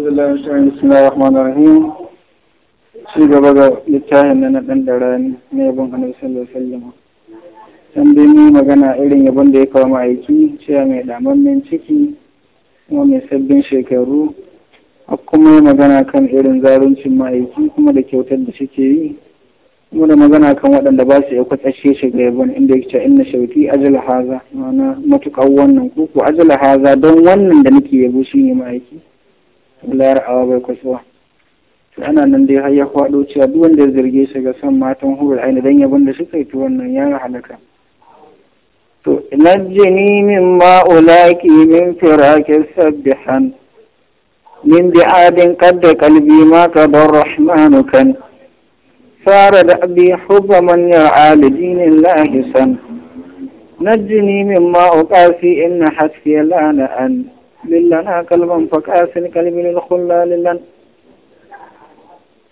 أعوذ بالله wa الشيطان بسم shi gaba ga littafin na na ɗan da rani na yabon annabi sallallahu sallama wasallam dai ni magana irin yabon da ya kawo ma'aiki cewa mai damammen ciki kuma mai sabbin shekaru kuma yi magana kan irin zaruncin ma'aiki kuma da kyautar da suke yi kuma da magana kan waɗanda ba su iya kwatsashe shi ga yabon inda ya cewa inna shauki ajal haza ma'ana matuƙar wannan kuku aji ajal haza don wannan da nake yabo shine ma'aiki lar awa bai kwasuwa to ana nan dai har ya kwado cewa duk wanda ya zarge shi ga son matan hurul aini dan yabon da suka yi to wannan ya halaka to najjini min ulaki min firaki sabbihan min adin qadda qalbi ma qadar rahmanu kan fara da abi hubba man ya alidin lahi san najjini min ma'uqasi inna hasbi lana an lillana kalban fakasin kalbin kulla lillan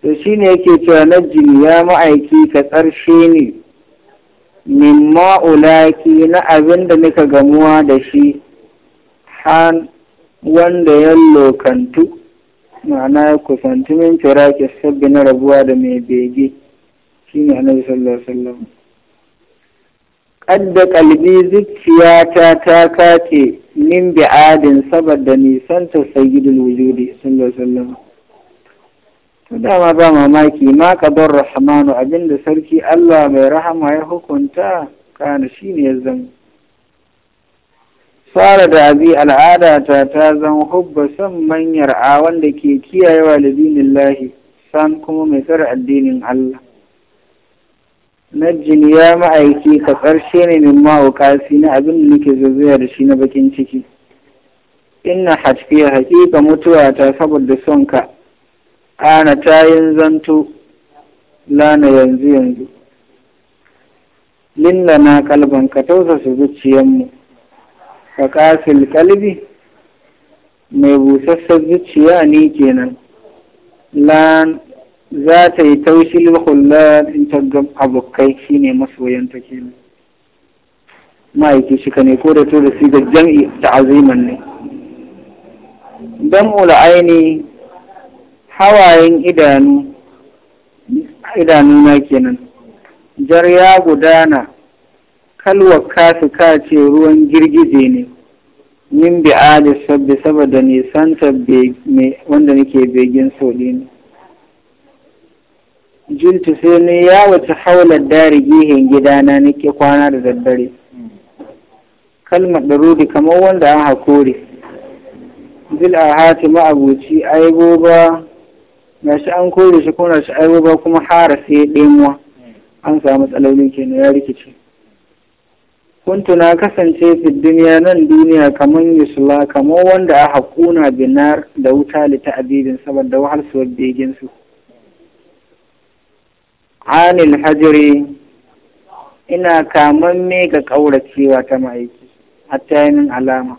to shi ne yake cewa na ya ma'aiki ka tsarshe ne min ma'ulaki na abin da nika gamuwa da shi han wanda ya lokantu ma'ana ya kusantu min ke sabbi na rabuwa da mai bege shi ne annabi sallallahu alaihi wasallam adda ƙalbi zuciyata ta kace min adin saboda nisanta sayyidul wujudi sallallahu to dama ba mamaki ma qadar rahmanu abinda sarki Allah mai rahama ya hukunta kana shine ya zama fara da abi al'ada ta ta zan hubba son manyar a wanda ke kiyayewa libinin lahi san kuma mai tsara addinin Allah najjin ya ma'aiki ka ƙarshe ne min ma'aukasi na abin da nake zazzaya da shi na bakin ciki inna hajfiya haƙiƙa mutuwa ta saboda son ka ana tayin zanto lana yanzu yanzu lilla na kalban ka tausasa zuciyanmu ka ƙasil kalbi mai busassar zuciya ni kenan lan za ta yi taushil hullar in ta ga abokai shine masoyanta kenan ma'aiki shi ka ne ko da to da su ga jam'i ta aziman ne Don ula aini hawayen idanu na kenan jar ya gudana kalwar kasu ce ruwan girgije ne min bi'ali sabbi saboda nisan tabbe wanda nake begin soɗi ne Jiltu sai ne ya wace haular dari gehen gidana nake kwana da daddare kalmar darudi kamar wanda an hakuri zil a hati ma'abuci aibo ba na shi an kore shi kuna shi aibo ba kuma hara sai ɗemuwa an samu tsalolin kenan ya rikice kuntu na kasance fi duniya nan duniya kamar yusula kamar wanda a haƙuna binar da wuta lita abidin saboda wahal suwar beginsu. su anil hajiri ina kamar kamamme ga ƙauracewa ta ma'aiki a yanin alama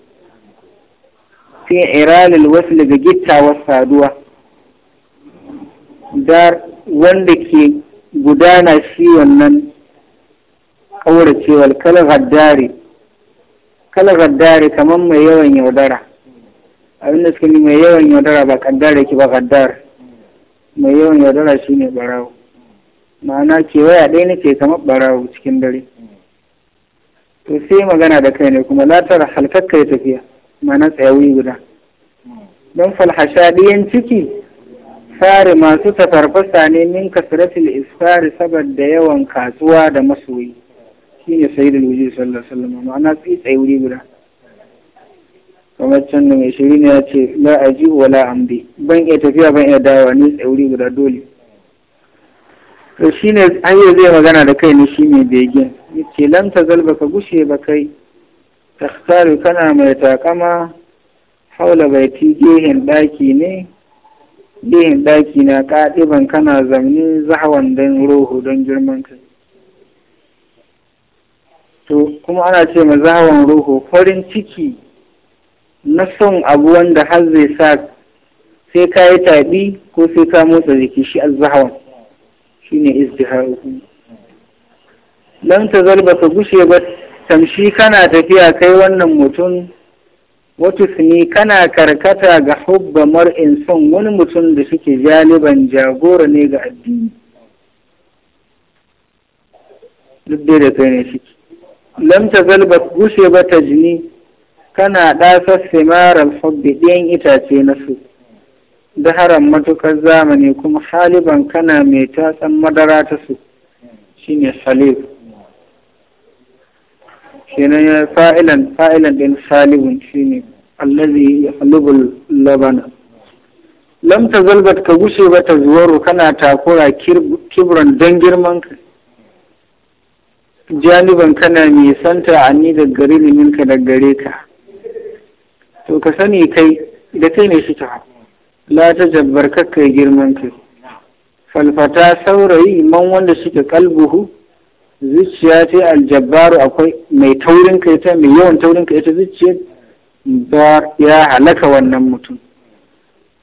fi iralil wasu daga gittawar saduwa dar wanda ke gudana shi wannan ƙauracewar kala haddare. Kala haddare kamar mai yawan yaudara Abin da suka mai yawan yaudara ba kaddara ki ba kaddar mai yawan yaudara shi ne barawo ma'ana kewaya ɗaya nake kamar ɓarawo cikin dare to sai magana da kai ne kuma latar halkakkai tafiya ma'ana tsayawi guda don falhasha ɗiyan ciki fari masu tafarfasa ne min kasratil isfari saboda yawan kasuwa da masoyi shine sayyidul wujud sallallahu alaihi wasallam ma'ana tsayi tsayawi guda kamar can da mai shiri ne ya ce la aji wala ambi ban iya tafiya ban iya dawa ni tsayi guda dole to shi ne yi zai magana da kai ne shi ne begin ce lanta zalba ka gushe ba kai tsari kana mai takama haula ti gehen daki ne gehen daki na ƙaɗiban kana zamni zahawan don rohu don girman kai to kuma ana ce ma zahawan rohu farin ciki na son abu wanda har zai sa sai ka yi taɓi ko sai ka motsa jiki shi zahawan shine izdiharukum ta tazal ta gushe ba tamshi kana tafiya kai wannan mutum wata sini kana karkata ga hubba mar'in son wani mutum da suke jaliban jagora ne ga addini duk dai da kai ne shi lam tazal ba gushe ba jini kana dasar simarar hubbi ɗayan itace na su Daharan matukar zamani kuma haliban kana mai tatsan madara ta su shine halib kenan ya fa'ilan fa'ilan din shi shine allazi yahlubul labana lamta zalbat ka gushe ba ta zuwaru kana takura kibran don girman ka janiban kana mai santa a ni da gari liminka da gare ka to ka sani kai da kai ne shi ta la ta jabbar kakkai girman ta falfata saurayi man wanda suke kalbuhu zuciya ce aljabbaru akwai mai taurin kai ta mai yawan taurin kai ta zuciya ba ya halaka wannan mutum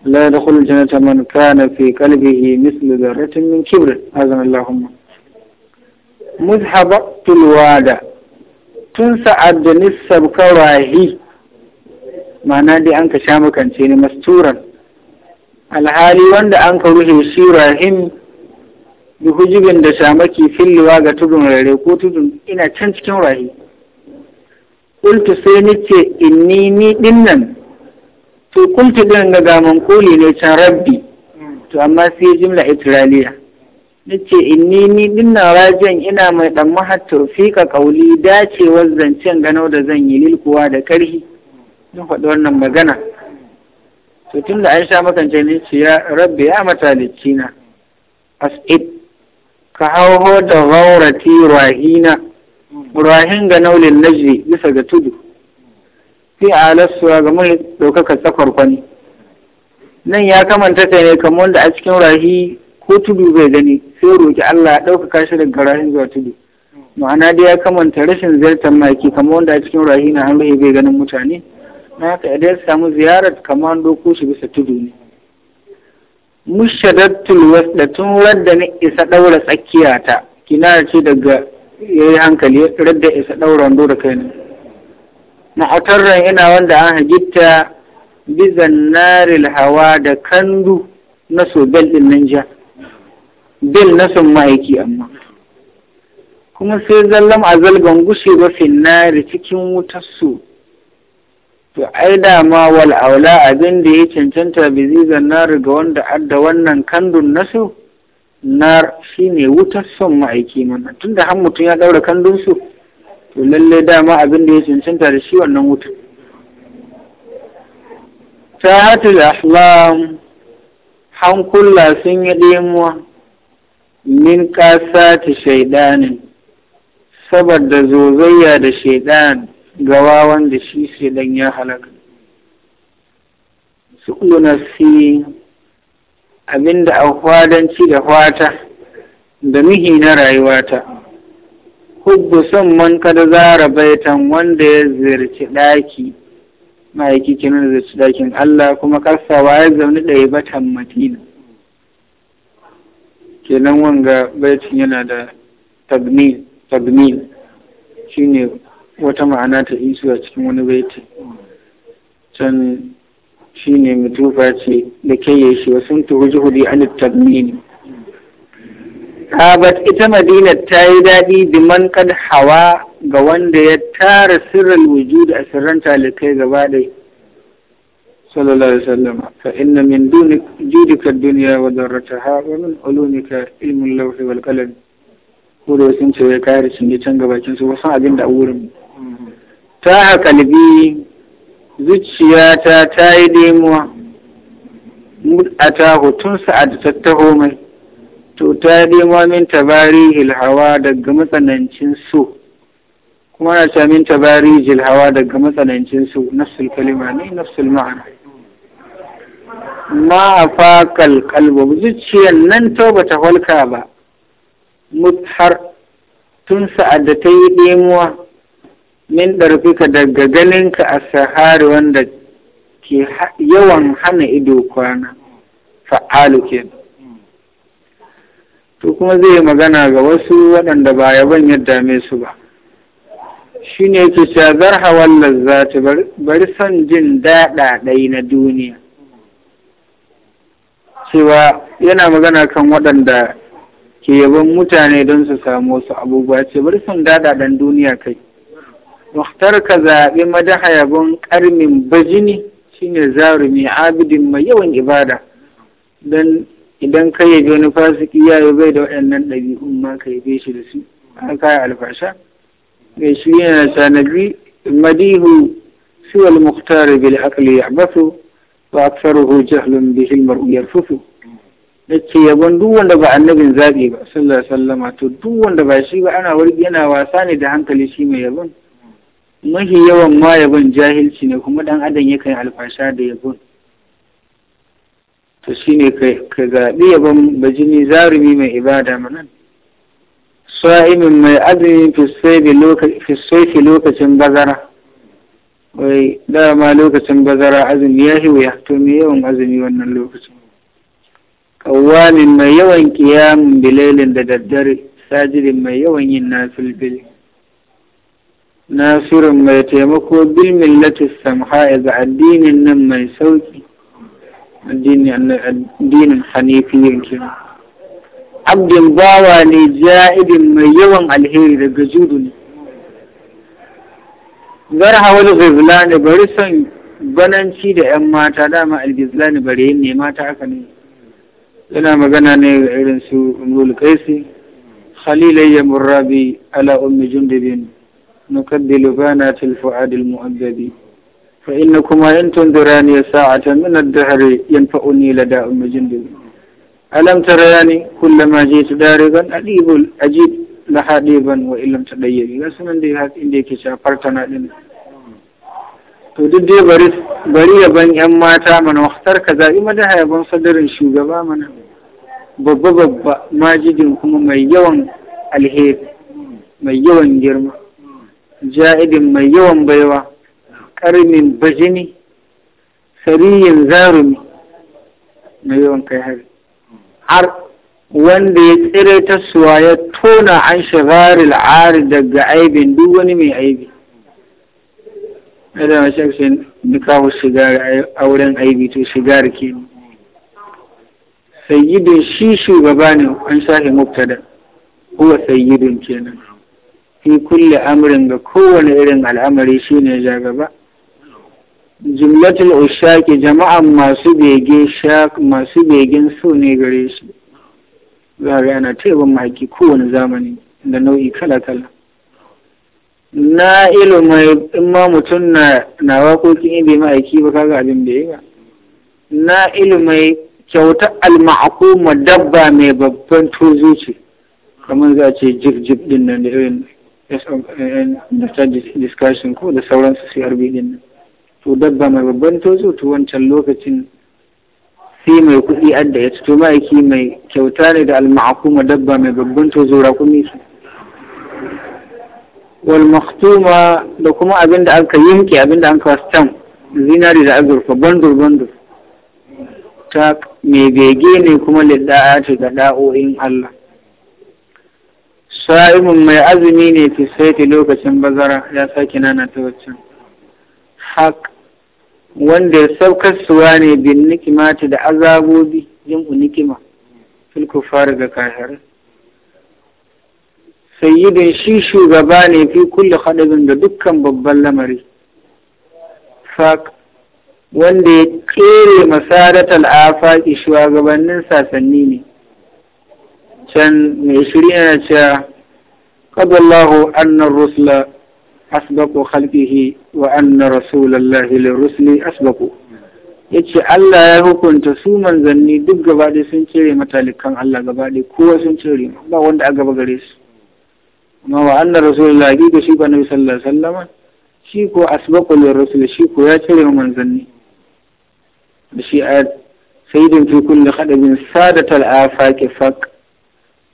la yadkhulu jannata man kana fi qalbihi mithlu dharratin min kibr azan allahumma muzhaba tulwada tun sa'ad da nisab kawahi ma'ana dai an ka sha makance ne masturan alhali wanda an ka ruhe shi rahim bi hujibin da shamaki filliwa ga tudun rare ko tudun ina can cikin rahi kultu sai nace inni ni dinnan to kultu din ga gaman koli ne can rabbi to amma sai jimla itiraliya nace inni ni dinnan rajin ina mai dan mahattar fika kauli dacewar zancen gano da zan yi lilkuwa da karhi na faɗi wannan magana to tun da aisha makance ne ce ya rabbi ya matalicci na as'id ka hauho da raurati rahina rahin ga naulin najri bisa ga tudu fi alassuwa ga mai ɗaukaka tsakar kwani nan ya kamanta ta ne kamar wanda a cikin rahi ko tudu bai gani sai roki Allah ya ɗaukaka shi daga rahin zuwa tudu ma'ana dai ya kamanta rashin ziyartar maki kamar wanda a cikin rahi na hannu bai ganin mutane na haka idan ya samu ziyarar kamando ko shi bisa tudu ne mushadattul da tun wadda na isa ɗaura tsakiya ta kinara ce daga yayi hankali radda isa ɗaura wando da kaina na atarran ina wanda an hagitta bizan naril hawa da kandu na bel ɗin nan ja bel na son ma'aiki amma kuma sai zallam a zalban gushe ba finnari cikin wutar su to ai dama wal aula abin da ya cancanta bi zigan nar ga wanda adda wannan kandun nasu nar shine wutar son ma'aiki mana tunda har mutum ya daura kandun su to lalle dama abin da ya cancanta da shi wannan wutar da ahlam hankula sun yi ɗemuwa min ƙasa ta shaidanin saboda zozayya da shaidan gawa wanda shi sai dan ya halaka su na abinda a kwadanci da fata da mihi na rayuwata hubbu son man kada zara baitan wanda ya ziyarci ɗaki ma'aiki kinan da ziyarci ɗakin Allah kuma kasawa ya zaune ɗaya batan matina kenan wanga baitin yana da tagmil tagmil shine wata ma'ana ta isu a cikin wani baiti can shi ne mutufa ce da yi shi wasu turu juhudi an tabmini Kabat ita Madina ta yi daɗi biman kad hawa ga wanda ya tara sirrin wujud a sirran talikai gaba ɗai. Sallallahu Alaihi Wasallam fa inna min judika duniya wa darrataha wa min ulumika ilmin lauhi wal qalam. Ko da sun ce ya kare shi ne can gabakin su wasan abin da a wurin. ta a kalbi zuciyata ta yi nemuwa a taho tun sa'ad ta taho mai to ta yi nemuwa min tabari hawa daga matsanancin so kuma na ce min tabari hawa daga matsanancin so nafsul kalima ne nafsul ma'ana ma a fakal kalbo zuciyar nan to ba ta falka ba har tun sa'ad da ta yi nemuwa min ɗarfika daga ganinka a sahari wanda ke yawan hana ido kwana fa'alu ke to kuma zai yi magana ga wasu waɗanda ba yaban yadda dame su ba shi ne ke cazar hawan lazzati bari son jin daɗa ɗai na duniya cewa yana magana kan waɗanda ke yaban mutane don su samu wasu abubuwa ce bari son ɗan duniya kai muhtar ka zaɓi madaha yabon ƙarmin bajini shine zarumi abidin mai yawan ibada don idan ka yabe wani fasiki ya yi bai da waɗannan ɗabi'un ma ka yabe shi da su an kaya alfasha mai shi yana tanabi madihu siwal muhtar bil aqli ya'bathu wa aktharuhu jahlun bihi hilmar uyar fufu da ce yabon duk wanda ba annabin zaɓi ba sallallahu alaihi sallama to duk wanda ba shi ba ana wargi yana wasa ne da hankali shi mai yabon mafi yawan ma yabon jahilci ne kuma dan adam yakan alfasha da yabon to shine ka zaɓi yabon bajini zarumi mai ibada manan sa'imin mai azumi fi fisaifi lokacin bazara wai dama lokacin bazara azumi ya shi wuya to mai yawan azumi wannan lokacin kawamin mai yawan kiyamun bilailin da daddare sajirin mai yawan yin nafil bilin Nasiru mai taimako bil millati samha ga addinin nan mai sauki addinin abdin bawa ne ja'idin mai yawan alheri daga judu ne garha wani zizlani bari son bananci da 'yan mata dama albizlani bari yin ne mata aka ne yana magana ne ga irin su umrul kaisi khalilayya murrabi ala ummi jundubin نقد لبانات الفؤاد المؤدب فإنكما إن تنذراني ساعة من الدهر ينفعني لداء مجند ألم ترياني كلما جئت دارقا أجيب أجيب لحديبا وإن لم تديني لسنا سمن دي هات إندي كيشا فرطنا لنا to duk dai bari bari yaban yan mata mana waktar ka zaɓi madaha yaban sadarin shugaba mana babba babba majidin kuma mai yawan alheri mai yawan girma ja'idin mai yawan baiwa karmin bajini sariyin zarumi mai yawan kai hari har wanda ya tsire ta suwa ya tona an shigaril ari daga aibin duk wani mai aibi da mashi shi duka shigar auren aibi to shigar ke sayyidin shi shugaba ne an shafe mubtada huwa sayyidin kenan fi kulle amrin ga kowane irin al'amari shine ja gaba jumlatul ushaki jama'an masu bege shak masu begen so ne gare shi za ga ana taiban mahaki kowane zamani da nau'i kala-kala na mai in ma mutum na na waƙoƙin ibe ma'aiki ba kaga abin da ya na mai kyauta alma'akuma dabba mai babban tozo ce kamar za ce jif jif din nan da irin Um, da discussion ko da sauransu CRB din nan to dabba mai babban tozo to wancan lokacin sai mai kuɗi adda ya to ma'aiki mai kyauta ne da alma'akuma dabba mai babban tozo rakumi su wal maktuma da kuma abin da aka yanke abin da an kawo stamp zinari da azurfa bandur bandur ta mai bege ne kuma lidda'a ce ga da'o'in Allah saibin mai azumi ne fi saiti lokacin bazara ya sake nana ta waccan haq wanda ya saukar suwa ne bin nikimati da azabobi jam'u nikima fil fara ga kahir sayyidin shi shugaba ne fi kulle haɗarin da dukkan babban lamari faq wanda ya kere al’afa ki shugabannin sasanni ne can mai shirya na cewa قضى الله أن الرسل أسبق خلقه وأن رسول الله للرسل أسبق yace Allah ya hukunta su manzanni duk gabaɗaya sun cire matalikan Allah gabaɗaya kowa sun cire ba wanda a gaba gare su amma wa annar rasulullah da shi ba nabi sallallahu alaihi wasallam shi ko asbaqul rasul shi ko ya cire manzanni da shi ayat sayyidin fi kulli khadabin sadatal afaqi faq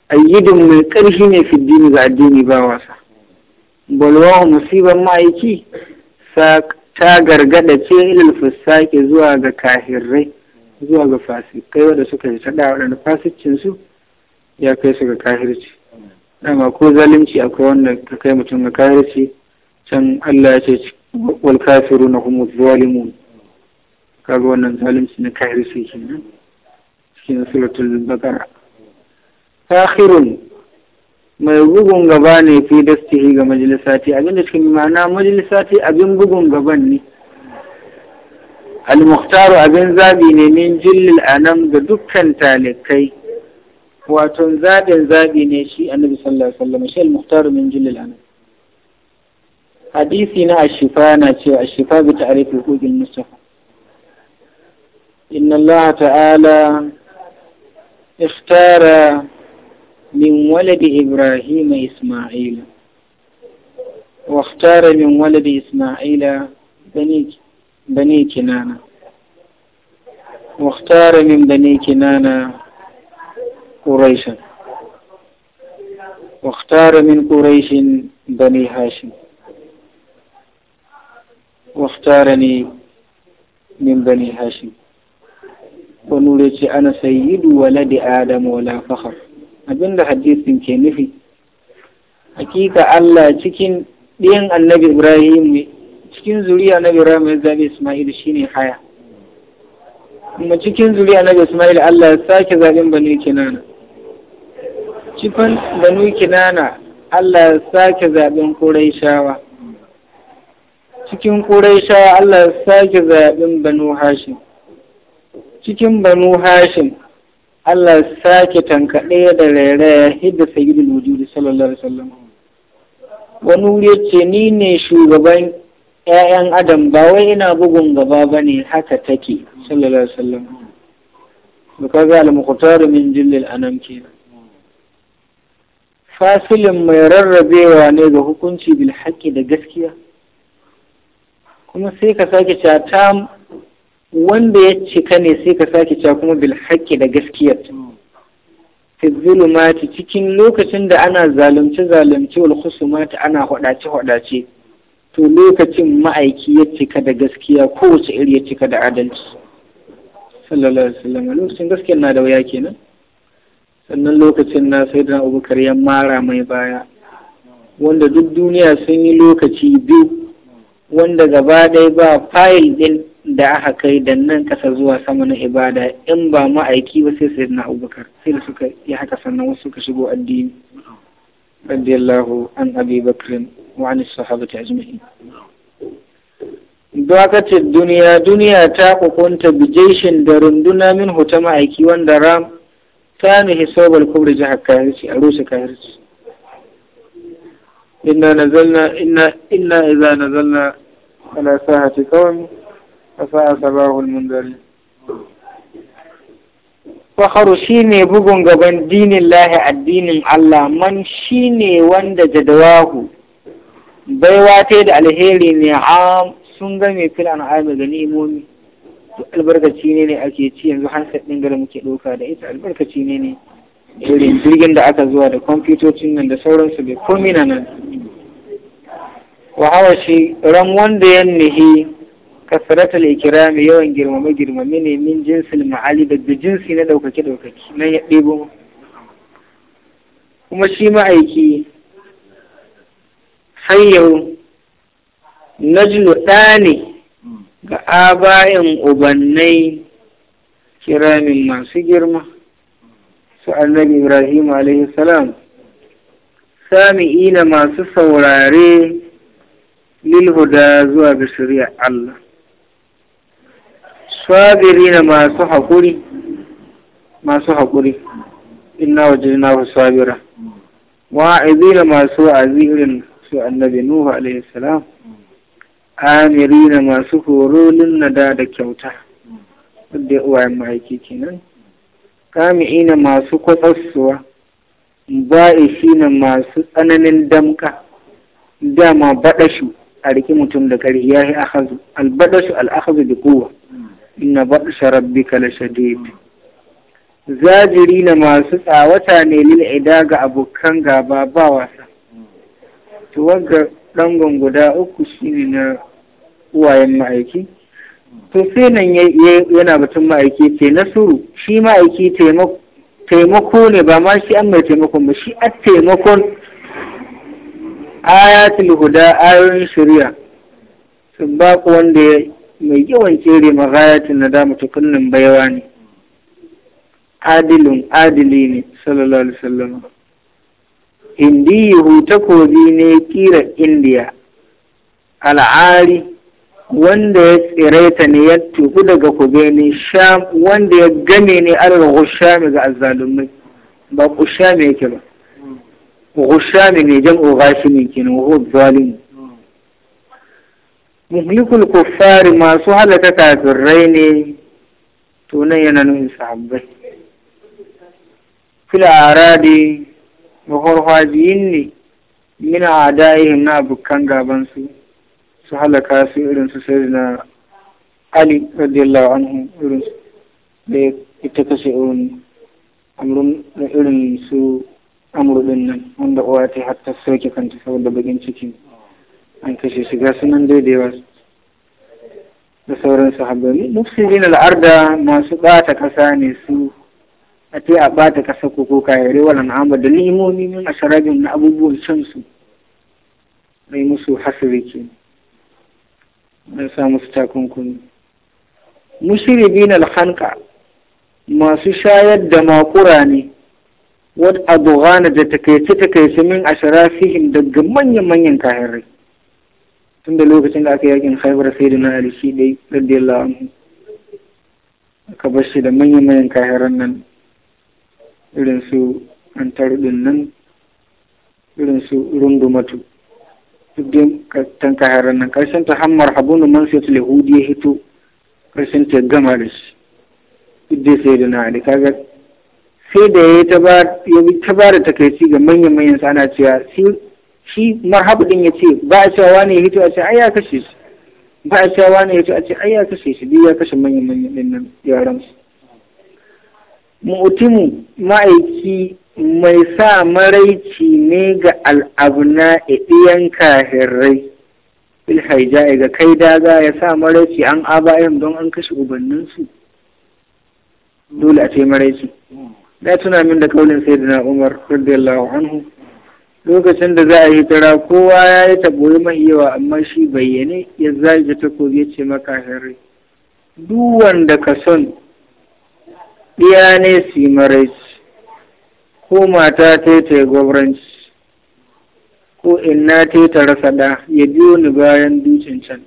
ayyidin mai ƙarfi ne fi dini ga addini ba wasa balwa musibar ma'aiki ta gargada ce ilil fusake zuwa ga kahirrai zuwa ga fasikai wadda suka yi tada waɗanda fasicinsu ya kai su ga kahirci dama ko zalunci akwai wanda ka kai mutum ga kahirci can Allah ya ce wal kafiru na kuma zalimu kaga wannan zalunci na kahirci kenan cikin suratul bakara. sakhirun mai bugun gaba ne fi dastihi ga majalisati abinda cikin ma'ana majalisati abin bugun gaban ne al-mukhtaru abin zabi ne min jillil anam ga dukkan talikai wato zabin zabi ne shi annabi sallallahu alaihi wasallam shi al-mukhtaru min jillil anam hadisi na ashifa na cewa ashifa bi ta'rif hujjul mustafa inna allaha ta'ala ikhtara من ولد إبراهيم إسماعيل واختار من ولد إسماعيل بني بني كنانة واختار من بني كنانة قريشا واختار من قريش بني هاشم واختارني من بني هاشم ونولد أنا سيد ولد آدم ولا فخر abinda hadisin ke nufi hakika Allah cikin ɗiyan annabi Ibrahim cikin zuriya na Ibrahim ya zaɓi Ismail shine haya kuma cikin zuriya na Ismail Allah ya sake zaɓin Banu Kinana cikin Banu Kinana Allah ya sake zaɓin Quraishawa cikin Quraishawa Allah ya sake zaɓin Banu Hashim cikin Banu Hashim Allah sake tankaɗe da rairaya hidda sayyidul wujudi sallallahu alaihi wasallam wani wuri ce ni ne shugaban 'ya'yan adam ba wai ina bugun gaba bane haka take sallallahu alaihi wasallam da kaga al-muqtar min jillil anam ke fasilin mai rarrabewa ne ga hukunci bil haqqi da gaskiya kuma sai ka sake cata wanda ya cika ne sai ka sake cewa kuma bil haƙƙi da gaskiyar fi zulumati cikin lokacin da ana zalunce zalunci wal khusumati ana hodace hodace to lokacin ma'aiki ya cika da gaskiya kowace iri ya cika da adalci sallallahu alaihi wasallam lokacin gaskiyar na da waya kenan sannan lokacin na sai da abubakar ya mara mai baya wanda duk duniya sun yi lokaci biyu wanda gaba ɗaya ba fayil ɗin da aka kai da nan kasa zuwa sama na ibada in ba ma'aiki ba sai sai na abubakar sai da suka yi haka sannan wasu suka shigo addini radiyallahu an abi bakrin wa an sahabati ajma'in dakatar duniya duniya ta kokonta bijeshin da runduna min hota ma'aiki wanda ram ta ne sobal kubri jihar kahirci a rushe kahirci inna nazalna inna inna idza nazalna ala sahati qawmi fasaha faharu shi ne bugun gaban dinin lahi addinin Allah man shi ne wanda jadawahu baiwa ta da alheri ne a sun game filan al'ami da ni'imomi albarkaci ne ne ake ci yanzu hansa ɗin gare muke ɗauka da ita albarkaci ne ne irin jirgin da aka zuwa da kwamfutocin nan da sauransu bai komi na nan wa shi ran wanda ya nihi kasarata ikirami yawan girmama-girmama ne min jinsin ma'ali da jinsi na ɗaukake ɗaukake na ya ɗebo kuma shi ma'aiki hanyar najlu ɗa ne ga abayan ubannai kiramin masu girma su annabi ibrahim alaihi salam sami'ina masu saurare lilhuda zuwa ga shari'ar Allah na masu haƙuri masu haƙuri inna swabira. Wa sabira na masu azirin su annabi nuhu alaihi salam na masu horonin nada da kyauta wadda uwayen mahaiki kenan kami'ina masu kwatsassuwa na masu tsananin damka dama baɗashu a riki mutum da ƙarfi ya yi albaɗashu al'akazu da kowa inna baɗsha rabbika la shadid zajiri na masu tsawata ne ida ga abokan gaba ba wasa to wagga ɗangon guda uku shine na uwayen ma'aiki to sai nan yana batun ma'aiki ce nasuru shi ma'aiki taimako ne ba ma shi an mai taimakon ba shi a taimakon ayatul huda ayoyin shari'a sun baku wanda ya mai yawan kere magayatin na damu tukunnin baiwa ne adilin adili ne sallallahu alaihi wasallam indiyu takobi ne kira indiya al'ari wanda ya tsiraita ne ya tuku daga kubeni sham wanda ya gane ne arewa gushami ga Azalumai. ba gushami yake ba gushami ne jam'u gashi ne kenan wa zalim muhlikul kuffari masu halaka kafirai ne tunan yana nufin sahabbai fil aradi yin ne mina ada'ihim na abokan gabansu su su halaka su irin su sai na ali radiyallahu anhu irin su da ita kashe irin amrun irin su amurin nan wanda uwa ta hatta sauke kanta saboda bakin ciki an kashe shiga sunan dai da yawa da sauran sahabbai mufsidin al'arda masu bata kasa ne su a ce a bata kasa ko ko kayare walan amma da limomi min asharabin na abubuwan can su mai musu hasiri ke mai sa musu takunkumi mushribin alhanka masu shayar da makura ne wad na da takaice takaice min asharafihim daga manyan manyan kayarai tun da lokacin da aka yakin haibar sai da na alishi dai radiyallahu anhu A bar shi da manyan manyan kayaran nan irin su antarudin nan irin su matu. duk dai kattan kayaran nan ƙarshen ta hammar habunu mansiyat yahudi ya hito ƙarshen ta gama da shi duk dai sai da na ali kaga sai da ya ta ba da takaici ga manyan manyan sana cewa shi marhabu din ya ce ba a cewa wani ya hito a ce ai ya kashe shi ba a cewa wani ya hito a ce ai ya kashe shi biyu ya kashe manyan manyan din nan yaran su mu'timu ma'aiki mai sa maraici ne ga al'abna ɗiyan kahirrai bil haija ga kai daga ya sa maraici an aba'in don an kashe ubanninsu dole a ce maraici da tuna min da kaulin sayyidina umar radiyallahu anhu lokacin da za a yi tara kowa ya yi taɓoyi mai yawa amma shi bayyane ya zage ta ya ce maka harri Duwan da ka son ɗiya ne su yi maraici ko mata ta ta yi gwabranci ko inna ta ta rasa ɗa ya biyo ni bayan dukin can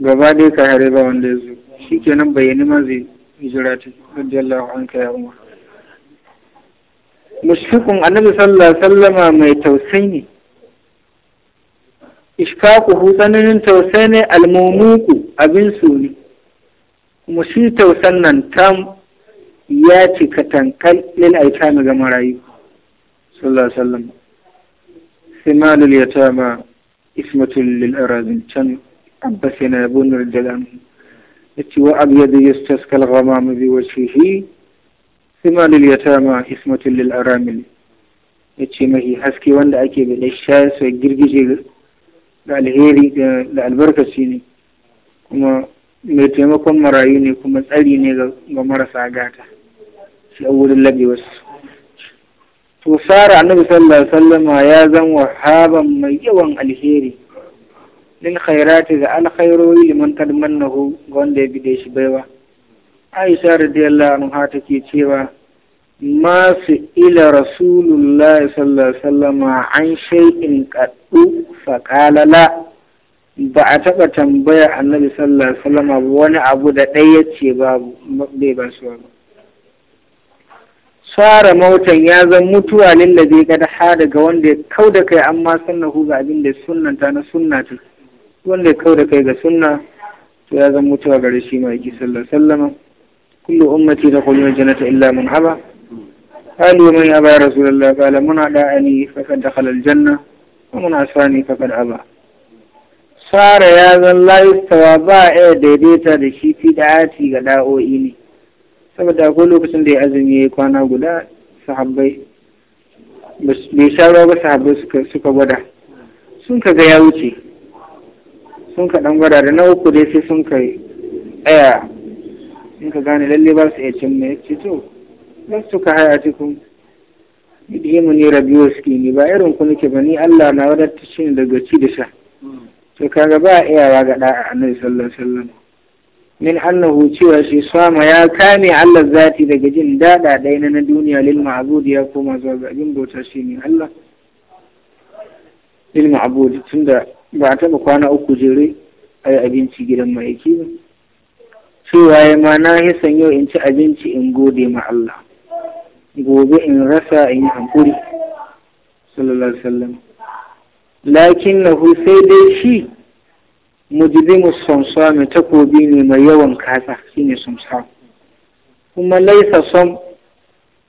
gaba dai ka hare ba wanda ya zo shi kenan bayyane ma zai jira ta radiyallahu anka ya umar mushfiqun annabi sallallahu alaihi wasallama mai tausayi ne hu tsananin tausayi ne almumuku abin su ne kuma shi tausan nan tam ya ce katankal lil aitami ga marayu sallallahu alaihi wasallam simalul yatama ismatul lil arazin can abbas yana bunar ya yace wa abyadu yastaskal ghamam bi wajhihi sima lil tama ismatul lil aramil ce mahi haske wanda ake bada shayar su girgije da alheri da albarkaci ne kuma mai taimakon marayu ne kuma tsari ne ga marasa gata shi wurin labe wasu to fara annabi sallallahu alaihi wasallama ya zan wahaban mai yawan alheri lil khairati da alkhairoi liman kad mannahu ga wanda ya bide shi baiwa aisha radiyallahu anha take cewa ma su ila rasulullah sallallahu alaihi an shay'in qaddu la ba a taba tambaya annabi sallallahu alaihi wani abu da dai yace ba bai ba su ba Sara mautan ya zan mutuwa lillazi kad ha daga wanda ya kau da kai amma sannahu ga abin da sunnanta na ta wanda ya kau da kai ga sunna to ya zan mutuwa gare shi mai sallallahu alaihi kullu ummati dakhulul jannata illa man aba قالوا من أبى رسول الله قال من أدعني فقد دخل الجنة ومن عصاني فقد أبى صار يا ذن لا يستوى باء ديديتا da shi fi da'ati ga da'o'i ne saboda akwai lokacin da ya azumi ya kwana guda sahabbai bai sha ruwa ba sahabbai suka gwada sun ka ga wuce sun ka dan gwada da na uku dai sai sun ka tsaya in ka gane lalle ba su iya cimma ya ce to Zan ka haya cikin idimu ne rabi ne ba irin ku nake ba ni Allah na ta shi daga ci da sha to kaga ba a iyawa ga da'a a sallallahu sallar wasallam min annahu cewa shi sama ya kame Allah zati daga jin daɗa ɗaya na duniya lil ma'bud ya koma zuwa ga abin bauta shi ne Allah lil ma'bud tunda ba a taɓa kwana uku jere a yi abinci gidan ma'aiki ba cewa ya ma na yi yau in ci abinci in gode ma Allah gobe in rasa in yi hankuri sallallahu alaihi wasallam lakin na sai dai shi mujrimu samsa mai takobi ne mai yawan kasa shine samsa kuma laisa sam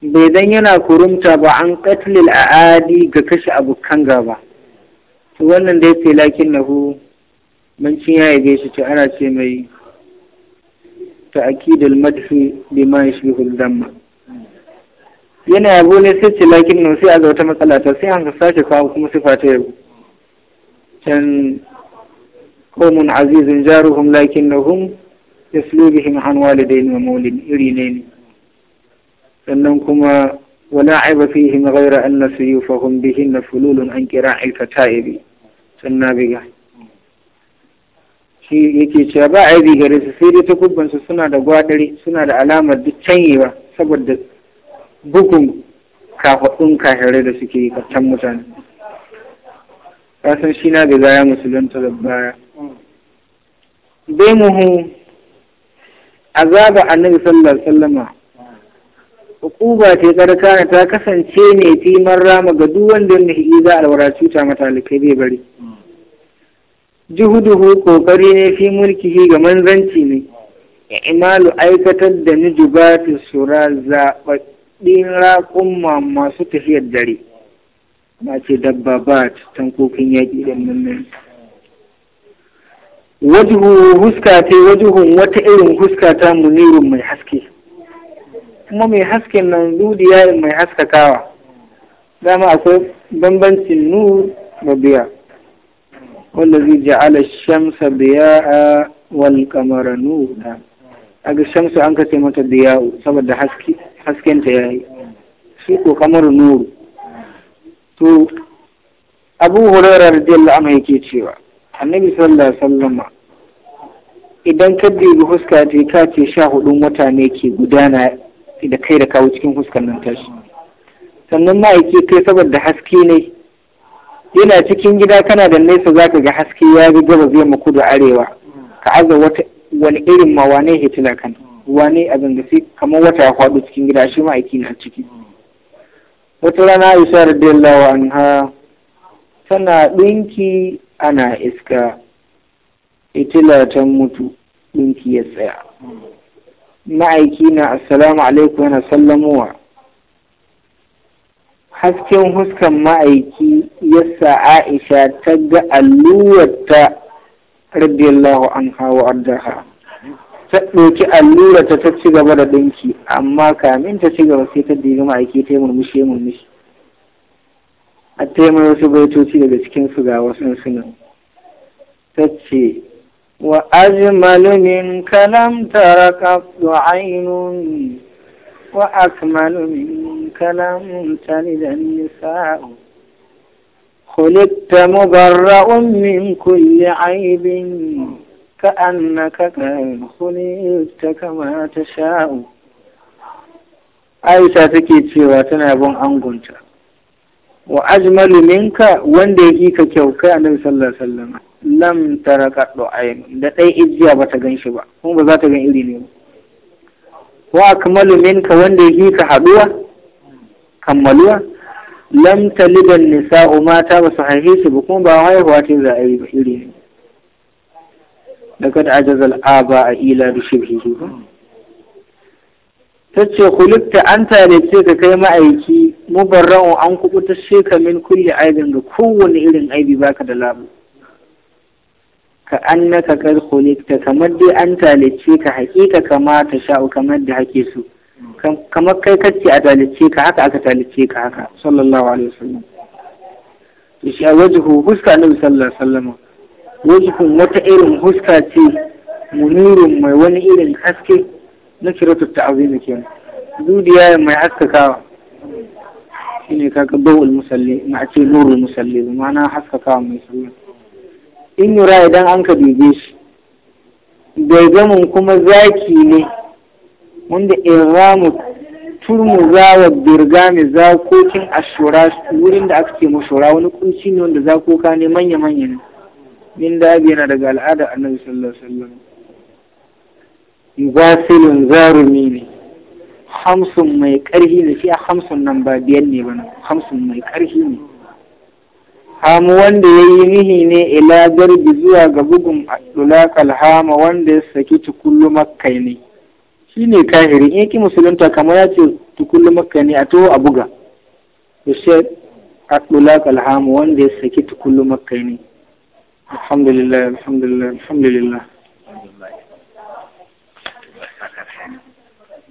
bai dan yana kurumta ba an katlil a'adi ga kashe abokan gaba to wannan dai ce lakin na hu mancin ya yi shi ce ana ce mai تأكيد المدح بما يشبه الذم yana yabo ne sai ce lakin nan sai a ga wata matsala ta sai an sake kawo kuma sifa ta yabo can qawmun azizun jaruhum lakinnahum yaslubihim an walidain wa maulid iri ne ne sannan kuma wala aiba fihim ghayra anna suyufahum na fululun an qira'il can sannan biga shi yake cewa ba aibi gare su sai dai takubbansu suna da gwadari suna da alamar duk canyewa saboda bugun kafaɗun kahirai da suke yi kacan mutane kasan shi na da zaya musulunta da baya muhu azaba annabi sallallahu sallar Sallama. hukuba ce karkana ta kasance ne timar rama ga duk wanda za a alwara cuta matalikai bai bari juhuduhu kokari ne fi mulkihi ga manzanci ne ya imalu aikatar da nujubati sura zaɓaɗɗin raƙumma masu tafiyar dare na ce dabba ba kokin yaƙi da mummin wajuhu huska wata irin huska ta munirin mai haske kuma mai hasken nan dudiya mai haskakawa dama akwai bambancin nur da biya wallazi ja'ala shamsa biya'a wal qamara nura aga shamsu an kace mata biya'u saboda haske hasken ta yayi shi ko kamar nuru to Abu Hurairah radiyallahu anhu yake cewa Annabi sallallahu alaihi wasallam idan ka dubi huska ta ka ce sha hudu mutane ke gudana da kai da kawo cikin huskan nan tashi sannan ma yake kai saboda haske ne yana cikin gida kana da nesa za ka ga haske ya ga gaba zai maku da arewa ka aza wata wani irin ma wane hitila kan wane a da kamar wata ya faɗo cikin gida shi ma aiki na ciki wata rana aisha radiyallahu anha tana ɗinki ana iska hitila ta mutu ɗinki ya tsaya ma'aiki na assalamu alaikum yana sallamowa hasken huskan ma'aiki yasa Aisha ta ga allurarta radiyallahu anha wa ardaha ta ɗauki allurarta ta ci gaba da ɗinki amma kamin ta ci gaba sai ta diga ma'aiki ta yi murmushi murmushi a taimar wasu baitoci daga cikin su ga wasu sunan ta ce wa ajmalu min kalam taraka ainun wa akmalu min kalam talida nisa'u خلقت مبرأ من كل عيب كأنك كان خلقت كما تشاء Aisha take cewa tana bin angonta wa ajmalu minka wanda ya ka kyau kai annabi sallallahu alaihi wasallam lam taraka du'ayn da dai ijiya bata gan shi ba kuma ba za ta gan iri ne ba wa akmalu minka wanda ya ka haduwa kammaluwa lam taliban nisa'u mata ba su haife shi ba kuma ba haihuwa ce za a yi ba iri ne لقد عجز الآباء إلى بشبهه tace kulitta an talice ka kai ma'aiki mubarra'u an kubuta sheka min kulli aibin ga kowane irin aibi ka da labu ka annaka kad khuliqta kamar dai an talice ka hakika kamata ta sha'u kamar da hake so kamar kai kacce a talice ka haka aka talice ka haka sallallahu alaihi wasallam to shi wajhu huska na sallallahu alaihi wasallam wajhun wata irin huska ce munirin mai wani irin haske na kiratu ta'azim kenan dudiya mai haskakawa shine kaga bawul musalli ma ce nurul musalli ma'ana haskakawa mai sallah in yura idan an ka dube shi bai gamin kuma zaki ne wanda turmu za wa birga mai zakokin ashura wurin da aka ce mashura wani kunci ne wanda zakoka ne manya-manya ne min da yana daga al'ada annabi sallallahu alaihi wasallam zarumi ne hamsin mai ƙarfi ne shi a hamsin nan ba biyan ne ba hamsin mai ƙarfi ne hamu wanda ya yi nihi ne ila garbi zuwa ga bugun dulakal hama wanda ya saki tukullu makkai ne shi ne kahiri in yake musulunta kamar ya ce tukullu makka ne a to a buga da shek abdulak alhamu wanda ya saki tukullu makka ne alhamdulillah alhamdulillah alhamdulillah